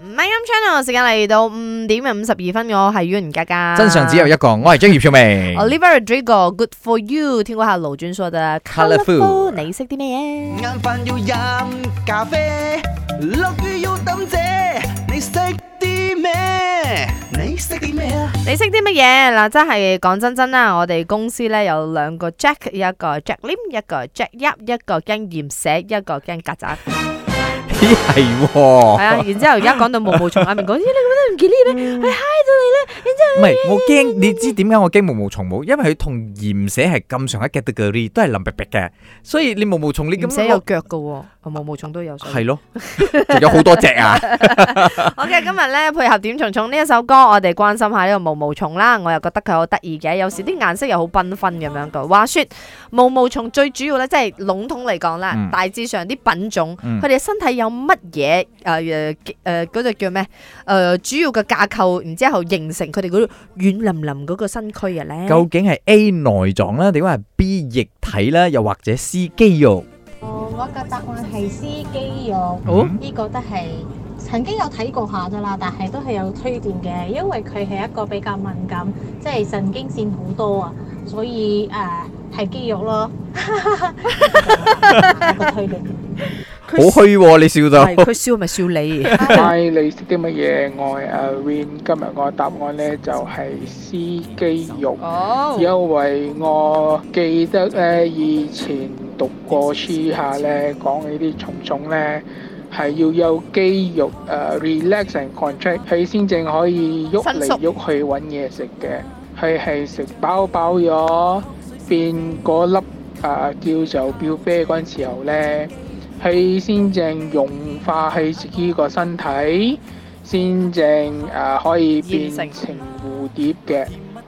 My FM Channel 時間嚟到五點五十二分，我係袁格格。真相只有一個，我係張葉曉明。Oliver Rodrigo Good for You，聽過下羅尊碩的 Colorful，你識啲咩嘢？晏飯要飲咖啡，落雨要等遮，你識啲咩？你識啲咩啊？你識啲乜嘢？嗱，真係講真真啦，我哋公司咧有兩個 Jack，一個 Jack Lim，一個 Jack Yup，一個驚岩石，一個驚曱甴。係喎，係啊！然之後而家講到毛毛蟲，阿明講，咦，你點解唔吉利咧？佢 high 咗你咧？然之後唔係，我驚你知點解我驚毛毛蟲冇？因為佢同鹽蛇係咁上下一 category，都係腍啤啤嘅。所以你毛毛蟲呢？咁寫有腳噶喎，同毛毛蟲都有腳，係咯，仲有好多隻啊！Ok，今日咧配合《點蟲蟲》呢一首歌，我哋關心下呢個毛毛蟲啦。我又覺得佢好得意嘅，有時啲顏色又好繽紛咁樣。話說毛毛蟲最主要咧，即係籠統嚟講啦，大致上啲品種，佢哋身體有。乜嘢誒誒誒嗰隻叫咩？誒主要嘅架構，然之後形成佢哋嗰軟腍腍嗰個身軀嘅咧？究竟係 A 內臟啦，定係 B 液體啦，又或者 C 肌肉？哦，我嘅答案係 C 肌肉。哦，呢個都係曾經有睇過下噶啦，但係都係有推斷嘅，因為佢係一個比較敏感，即係神經線好多啊，所以誒係肌肉咯，個推斷。好虛，你笑到。佢笑咪笑你。Hi，你識啲乜嘢？我啊，Win，今日我答案咧就係 C 肌肉，因為我記得咧，以前讀過書下咧，講呢啲蟲蟲咧係要有肌肉誒 relax and contract，佢先正可以喐嚟喐去揾嘢食嘅。佢係食飽飽咗變嗰粒啊，叫做表啡嗰陣時候咧，係先正融化喺自己個身體，先正誒可以變成蝴蝶嘅。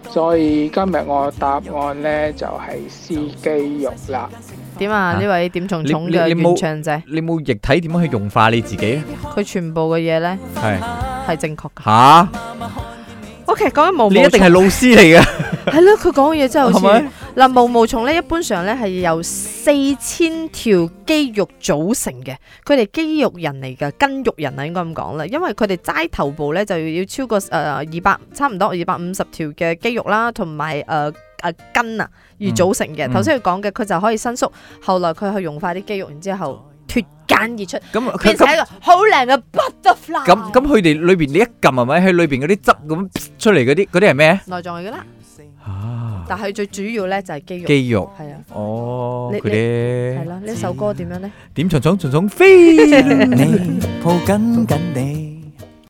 所以今日我答案咧就係撕肌肉啦。點啊？呢位點仲重嘅原唱仔，你冇液體點樣去融化你自己？佢全部嘅嘢咧係係正確嘅吓。我其實講緊毛，你一定係老師嚟嘅。係咯，佢講嘅嘢真係好似。嗱，毛毛蟲咧，一般上咧係由四千條肌肉組成嘅，佢哋肌肉人嚟嘅，筋肉人啊，應該咁講啦。因為佢哋齋頭部咧就要超過誒二百，差唔多二百五十條嘅肌肉啦，同埋誒誒筋啊而組成嘅。頭先佢講嘅，佢、嗯、就可以伸縮。後來佢去融化啲肌肉，然之後脫繭而出、嗯，變成一個好靚嘅 butterfly。咁、嗯、咁，佢、嗯、哋、嗯嗯嗯、裏邊你一撳係咪喺裏邊嗰啲汁咁出嚟嗰啲嗰啲係咩？內臟嚟噶啦。啊、但係最主要呢就係肌肉，肌肉、啊、哦，嗰呢首歌點樣呢？點蟲蟲蟲蟲飛， 飛嗯、抱緊緊你。